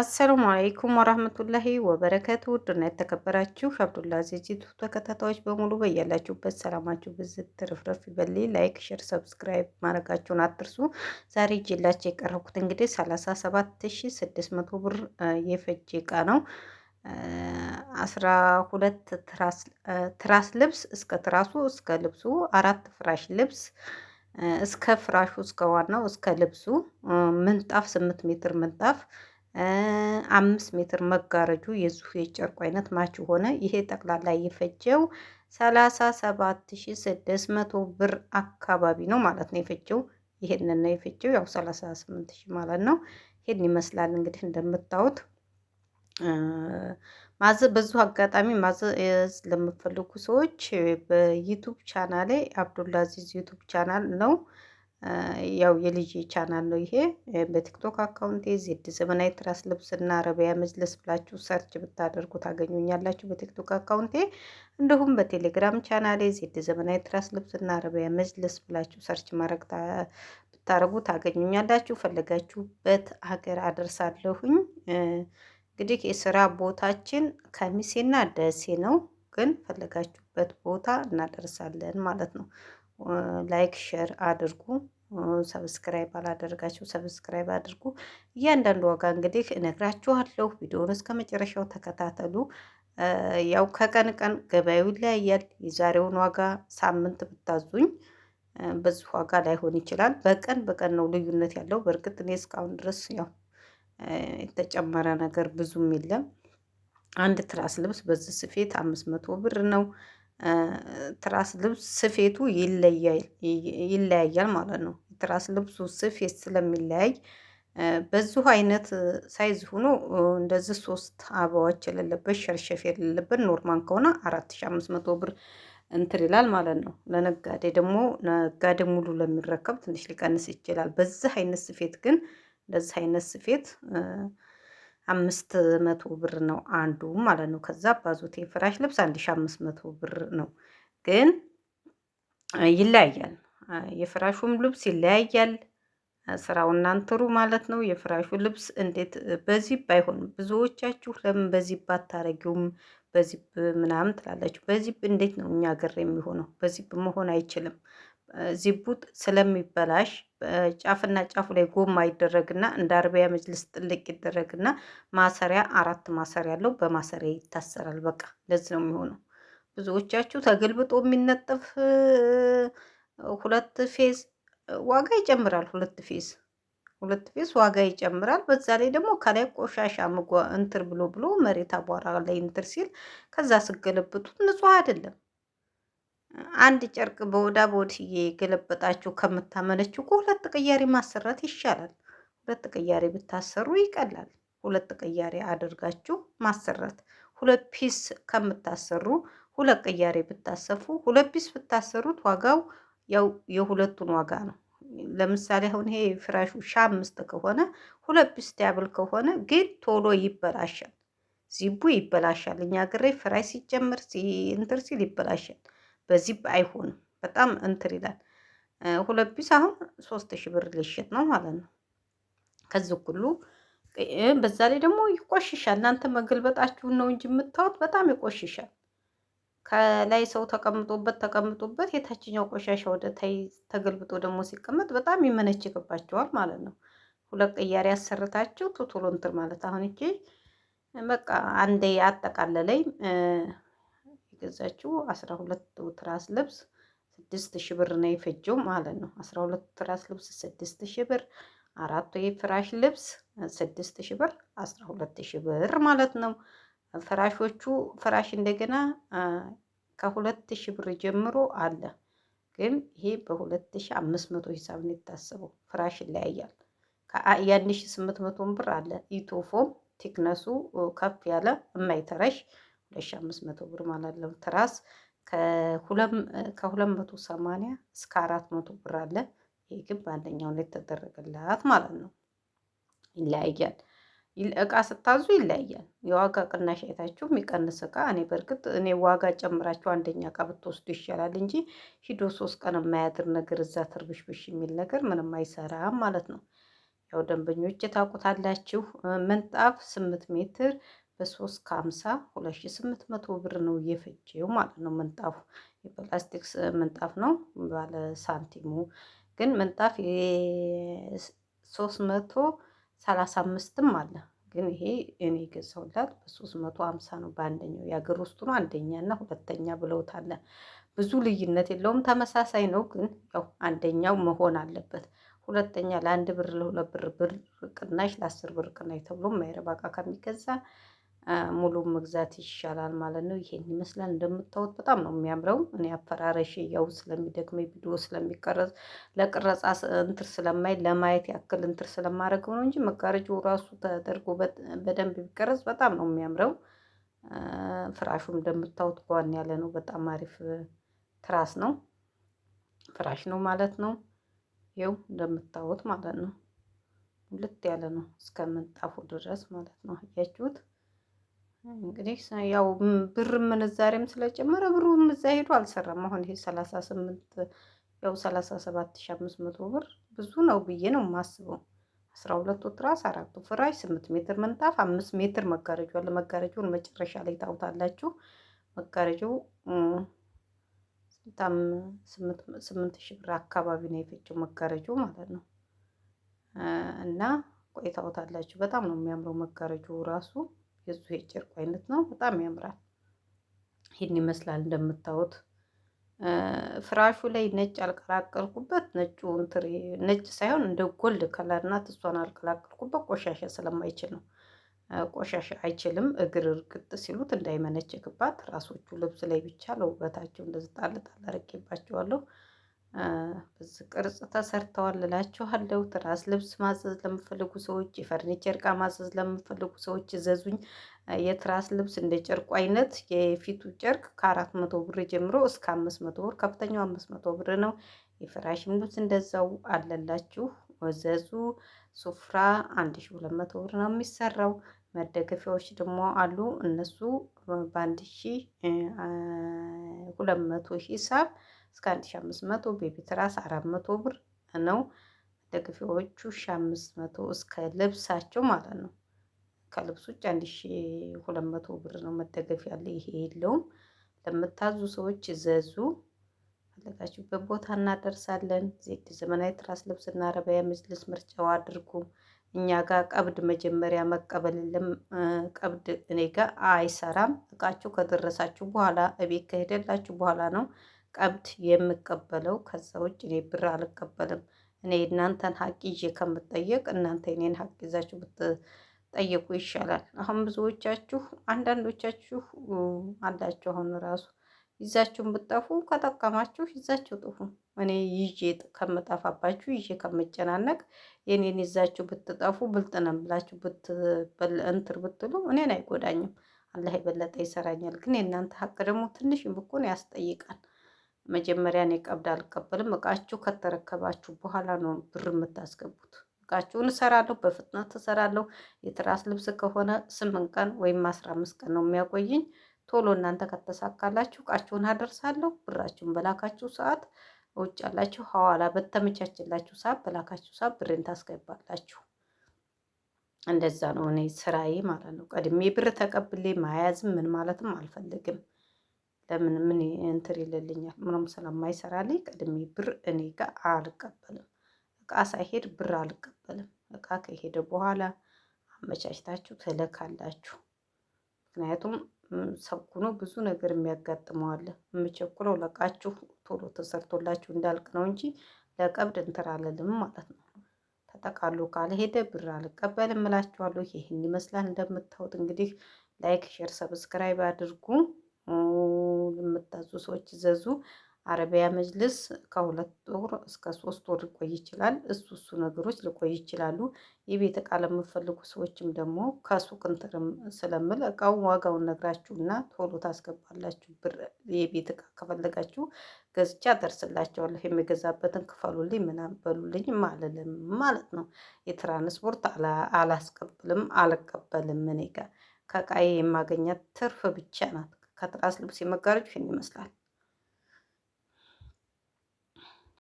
አሰላሙ አለይኩም ወራህመቱላሂ ወበረከቱ። ውድና የተከበራችሁ አብዱላዚዝ ዩቱብ ተከታታዮች በሙሉ በያላችሁበት ሰላማችሁ ብዝት ትርፍረፍ ይበል። ላይክ፣ ሼር፣ ሰብስክራይብ ማድረጋችሁን አትርሱ። ዛሬ ይዤላችሁ የቀረብኩት እንግዲህ 37600 ብር የፈጀ እቃ ነው። 12 ትራስ ልብስ እስከ ትራሱ እስከ ልብሱ፣ አራት ፍራሽ ልብስ እስከ ፍራሹ እስከ ዋናው እስከ ልብሱ፣ ምንጣፍ 8 ሜትር ምንጣፍ አምስት ሜትር መጋረጁ የዙፍ የጨርቁ አይነት ማች ሆነ። ይሄ ጠቅላላ የፈጀው ሰላሳ ሰባት ሺ ስድስት መቶ ብር አካባቢ ነው ማለት ነው የፈጀው። ይሄንን ነው የፈጀው ያው ሰላሳ ስምንት ሺ ማለት ነው። ይሄን ይመስላል እንግዲህ እንደምታዩት ማዘ በዚሁ አጋጣሚ ማዘዝ ለምፈልጉ ሰዎች በዩቱብ ቻናሌ አብዱላዚዝ ዩቱብ ቻናል ነው ያው የልጅ ቻናል ነው ይሄ። በቲክቶክ አካውንቴ ዜድ ዘመናዊ ትራስ ልብስና አረቢያ መጅለስ ብላችሁ ሰርች ብታደርጉ ታገኙኛላችሁ በቲክቶክ አካውንቴ። እንዲሁም በቴሌግራም ቻናሌ ዜድ ዘመናዊ ትራስ ልብስና አረቢያ መጅለስ ብላችሁ ሰርች ማድረግ ብታደርጉ ታገኙኛላችሁ። ፈለጋችሁበት ሀገር አደርሳለሁኝ። እንግዲህ የስራ ቦታችን ከሚሴና ደሴ ነው፣ ግን ፈለጋችሁበት ቦታ እናደርሳለን ማለት ነው። ላይክ ሼር አድርጉ። ሰብስክራይብ አላደረጋችሁ ሰብስክራይብ አድርጉ። እያንዳንዱ ዋጋ እንግዲህ እነግራችኋለሁ። ቪዲዮውን እስከ መጨረሻው ተከታተሉ። ያው ከቀን ቀን ገበያው ይለያያል። የዛሬውን ዋጋ ሳምንት ብታዙኝ በዚህ ዋጋ ላይሆን ይችላል። በቀን በቀን ነው ልዩነት ያለው። በእርግጥ እኔ እስካሁን ድረስ ያው የተጨመረ ነገር ብዙም የለም። አንድ ትራስ ልብስ በዚህ ስፌት አምስት መቶ ብር ነው። ትራስ ልብስ ስፌቱ ይለያያል ማለት ነው። ትራስ ልብሱ ስፌት ስለሚለያይ በዚሁ አይነት ሳይዝ ሆኖ እንደዚህ ሶስት አበባዎች የሌለበት ሸርሸፍ የሌለበት ኖርማን ከሆነ አራት ሺ አምስት መቶ ብር እንትር ይላል ማለት ነው። ለነጋዴ ደግሞ ነጋዴ ሙሉ ለሚረከብ ትንሽ ሊቀንስ ይችላል። በዚህ አይነት ስፌት ግን እንደዚህ አይነት ስፌት አምስት መቶ ብር ነው አንዱ ማለት ነው። ከዛ ባዞቴ ፍራሽ ልብስ አንድ ሺ አምስት መቶ ብር ነው። ግን ይለያያል፣ የፍራሹም ልብስ ይለያያል። ስራው እናንትሩ ማለት ነው። የፍራሹ ልብስ እንዴት በዚህ ባይሆን ብዙዎቻችሁ ለምን በዚህ ባታረጊውም በዚህ ምናምን ትላላችሁ። በዚህ እንዴት ነው እኛ ሀገር የሚሆነው? በዚህ መሆን አይችልም። ዚቡት ስለሚበላሽ ጫፍና ጫፉ ላይ ጎማ ይደረግና እንደ አርቢያ መጅልስ ጥልቅ ይደረግና ማሰሪያ አራት ማሰሪያ አለው። በማሰሪያ ይታሰራል። በቃ ለዚህ ነው የሚሆነው። ብዙዎቻችሁ ተገልብጦ የሚነጠፍ ሁለት ፌዝ ዋጋ ይጨምራል። ሁለት ፌዝ ሁለት ፌዝ ዋጋ ይጨምራል። በዛ ላይ ደግሞ ከላይ ቆሻሻ እንትር ብሎ ብሎ መሬት አቧራ ላይ እንትር ሲል ከዛ ስገለብጡት ንጹህ አይደለም። አንድ ጨርቅ በወዳ በወድዬ ገለበጣችሁ ከምታመነችው ሁለት ቅያሬ ማሰራት ይሻላል። ሁለት ቅያሬ ብታሰሩ ይቀላል። ሁለት ቅያሬ አድርጋችሁ ማሰራት ሁለት ፒስ ከምታሰሩ ሁለት ቅያሬ ብታሰፉ ሁለት ፒስ ብታሰሩት ዋጋው ያው የሁለቱን ዋጋ ነው። ለምሳሌ አሁን ይሄ ፍራሹ ሺ አምስት ከሆነ ሁለት ፒስ ዲያብል ከሆነ ግን ቶሎ ይበላሻል። ዚቡ ይበላሻል። እኛ ግሬ ፍራሽ ሲጨምር ሲንትር ሲል ይበላሻል። በዚህ አይሆንም። በጣም እንትር ይላል። ሁለት ፒስ አሁን ሶስት ሺ ብር ሊሸጥ ነው ማለት ነው። ከዚህ ሁሉ በዛ ላይ ደግሞ ይቆሽሻል። እናንተ መገልበጣችሁን ነው እንጂ የምታዩት በጣም ይቆሽሻል። ከላይ ሰው ተቀምጦበት ተቀምጦበት የታችኛው ቆሻሻ ወደ ታይ ተገልብጦ ደግሞ ሲቀመጥ በጣም ይመነችክባቸዋል ማለት ነው። ሁለት ቅያሬ ያሰርታችሁ ቶቶሎ እንትር ማለት አሁን እቺ በቃ አንዴ አጠቃለለኝ። የገዛችው አስራ ሁለቱ ትራስ ልብስ ስድስት ሺህ ብር ነው የፈጀው ማለት ነው። አስራ ሁለቱ ትራስ ልብስ ስድስት ሺህ ብር፣ አራቱ የፍራሽ ልብስ ስድስት ሺህ ብር፣ አስራ ሁለት ሺህ ብር ማለት ነው። ፍራሾቹ ፍራሽ እንደገና ከሁለት ሺህ ብር ጀምሮ አለ ግን ይሄ በሁለት ሺህ አምስት መቶ ሂሳብ ነው የታሰበው። ፍራሽ ይለያያል። የአንድ ሺህ ስምንት መቶ ብር አለ ኢቶፎም ቲክነሱ ከፍ ያለ የማይተረሽ 2500 ብር ማለት ነው። ትራስ ከ280 እስከ 400 ብር አለ። ይሄ ግን በአንደኛው ላይ ተደረገላት ማለት ነው። ይለያያል። እቃ ስታዙ ይለያያል። የዋጋ ቅናሽ አይታችሁ የሚቀንስ እቃ እኔ በእርግጥ እኔ ዋጋ ጨምራችሁ አንደኛ እቃ ብትወስዱ ይሻላል እንጂ ሂዶ ሶስት ቀን የማያድር ነገር እዛ ትርብሽብሽ የሚል ነገር ምንም አይሰራም ማለት ነው። ያው ደንበኞች ታውቁታላችሁ። ምንጣፍ ስምንት ሜትር በሶስት ከሀምሳ ሁለት ሺ ስምንት መቶ ብር ነው የፈጀው ማለት ነው። ምንጣፉ የፕላስቲክ ምንጣፍ ነው ባለ ሳንቲሙ ግን ምንጣፍ ሶስት መቶ ሰላሳ አምስትም አለ ግን ይሄ እኔ ገዛሁላት በሶስት መቶ ሀምሳ ነው። በአንደኛው የሀገር ውስጡ ነው አንደኛ እና ሁለተኛ ብለውታለ። ብዙ ልዩነት የለውም ተመሳሳይ ነው። ግን ያው አንደኛው መሆን አለበት። ሁለተኛ ለአንድ ብር ለሁለት ብር ብር ቅናሽ ለአስር ብር ቅናሽ ተብሎ ማይረባ እቃ ከሚገዛ ሙሉ መግዛት ይሻላል ማለት ነው። ይሄን ይመስላል እንደምታዩት በጣም ነው የሚያምረው። እኔ አፈራረሽ ያው ስለሚደክመ ቪዲዮ ስለሚቀረጽ ለቅረጻ እንትር ስለማይ ለማየት ያክል እንትር ስለማደርገው ነው እንጂ መጋረጃው ራሱ ተደርጎ በደንብ ቢቀረጽ በጣም ነው የሚያምረው። ፍራሹም እንደምታዩት ጓን ያለ ነው። በጣም አሪፍ ትራስ ነው ፍራሽ ነው ማለት ነው። ይው እንደምታዩት ማለት ነው። ሁለት ያለ ነው እስከ ድረስ ማለት ነው። አያችሁት? እንግዲህ ያው ብር ምንዛሬም ስለጨመረ ብሩ እዛ ሄዶ አልሰራም። አሁን ይሄ ሰላሳ ስምንት ያው ሰላሳ ሰባት አምስት መቶ ብር ብዙ ነው ብዬ ነው የማስበው። አስራ ሁለቱ ትራስ፣ አራቱ ፍራሽ፣ ስምንት ሜትር ምንጣፍ፣ አምስት ሜትር መጋረጃ አለ። መጋረጃውን መጨረሻ ላይ ታውታላችሁ። መጋረጃው በጣም ስምንት ሺህ ብር አካባቢ ነው የፈጀው መጋረጃው ማለት ነው። እና ቆይታውታላችሁ በጣም ነው የሚያምረው መጋረጃው ራሱ የሱ የጨርቁ አይነት ነው። በጣም ያምራል። ይህን ይመስላል እንደምታዩት። ፍራሹ ላይ ነጭ አልቀላቀልኩበት። ነጩ እንትሪ ነጭ ሳይሆን እንደ ጎልድ ከለር ናት። እሷን አልቀላቀልኩበት ቆሻሻ ስለማይችል ነው። ቆሻሻ አይችልም። እግር እርግጥ ሲሉት እንዳይመነጭክባት ራሶቹ ልብስ ላይ ብቻ ለውበታቸው እንደዚህ ጣል ጣል አድርጌባቸዋለሁ። ብዙ ቅርጽ ተሰርተዋል እላችኋለሁ። ትራስ ልብስ ማዘዝ ለምፈልጉ ሰዎች፣ የፈርኒቸር እቃ ማዘዝ ለምፈልጉ ሰዎች እዘዙኝ። የትራስ ልብስ እንደ ጨርቁ አይነት የፊቱ ጨርቅ ከአራት መቶ ብር ጀምሮ እስከ አምስት መቶ ብር ከፍተኛው አምስት መቶ ብር ነው። የፍራሽም ልብስ እንደዛው አለላችሁ እዘዙ። ሱፍራ አንድ ሺ ሁለት መቶ ብር ነው የሚሰራው። መደገፊያዎች ደግሞ አሉ እነሱ በአንድ ሺ ሁለት መቶ ሂሳብ እስከ 1500 ቤቢ ትራስ 400 ብር ነው። መደገፊያዎቹ 1500 እስከ ልብሳቸው ማለት ነው። ከልብሱ ውጭ 1200 ብር ነው መደገፊያ ያለ ይሄ የለውም። ለምታዙ ሰዎች ዘዙ። ፈለጋችሁበት ቦታ እናደርሳለን። ዜድ ዘመናዊ ትራስ ልብስና አረቢያ መጅልስ ምርጫው አድርጉ። እኛ ጋር ቀብድ መጀመሪያ መቀበል ቀብድ እኔ ጋር አይሰራም። እቃችሁ ከደረሳችሁ በኋላ እቤት ከሄደላችሁ በኋላ ነው ቀብድ የምቀበለው። ከዛ ውጭ እኔ ብር አልቀበልም። እኔ እናንተን ሀቅ ይዤ ከምጠየቅ እናንተ እኔን ሀቅ ይዛችሁ ብትጠየቁ ይሻላል። አሁን ብዙዎቻችሁ አንዳንዶቻችሁ አላችሁ አሁን ራሱ ይዛችሁን ብጠፉ ከጠቀማችሁ ይዛችሁ ጥፉ። እኔ ይዤ ከምጠፋባችሁ ይዤ ከምጨናነቅ የኔን ይዛችሁ ብትጠፉ ብልጥ ነን ብላችሁ እንትር ብትሉ እኔን አይጎዳኝም። አላህ የበለጠ ይሰራኛል። ግን የእናንተ ሀቅ ደግሞ ትንሽ ብኮን ያስጠይቃል። መጀመሪያ እኔ ቀብድ አልቀበልም። እቃችሁ ከተረከባችሁ በኋላ ነው ብር የምታስገቡት። እቃችሁን እሰራለሁ፣ በፍጥነት እሰራለሁ። የትራስ ልብስ ከሆነ ስምንት ቀን ወይም አስራ አምስት ቀን ነው የሚያቆይኝ። ቶሎ እናንተ ከተሳካላችሁ እቃችሁን አደርሳለሁ። ብራችሁን በላካችሁ ሰዓት ውጭ ያላችሁ ሐዋላ በተመቻችላችሁ ሰዓት በላካችሁ ሰዓት ብሬን ታስገባላችሁ። እንደዛ ነው እኔ ስራዬ ማለት ነው። ቀድሜ ብር ተቀብሌ ማያዝም ምን ማለትም አልፈልግም። ለምን ምን እንትር ይልልኛል ምንም ስለማይሰራልኝ ቀድሜ ብር እኔ ጋር አልቀበልም። እቃ ሳይሄድ ብር አልቀበልም። እቃ ከሄደ በኋላ አመቻችታችሁ ትልካላችሁ። ምክንያቱም ሰኩኖ ብዙ ነገር የሚያጋጥመዋል። የምቸኩለው ለቃችሁ ቶሎ ተሰርቶላችሁ እንዳልቅ ነው እንጂ ለቀብድ እንትር አለልም ማለት ነው። ተጠቃሉ ካልሄደ ብር አልቀበልም እላችኋለሁ። ይህን ይመስላል እንደምታዩት እንግዲህ ላይክ፣ ሼር፣ ሰብስክራይብ አድርጉ። የምታዙ ሰዎች ዘዙ። አረቢያ መጅልስ ከሁለት ወር እስከ ሶስት ወር ሊቆይ ይችላል። እሱ እሱ ነገሮች ሊቆይ ይችላሉ። የቤት እቃ ለምፈልጉ ሰዎችም ደግሞ ከሱቅ እንትርም ስለምል እቃው ዋጋውን እና ቶሎ ታስገባላችሁ። ብር የቤት እቃ ከፈለጋችሁ ገዝቻ ደርስላቸዋለሁ። የሚገዛበትን ክፈሉልኝ ምናምን በሉልኝ አልልም ማለት ነው። የትራንስፖርት አላስቀብልም አልቀበልም። እኔ ጋር የማገኛት ትርፍ ብቻ ናት። ከትራስ ልብስ የመጋረጅ ይህን ይመስላል።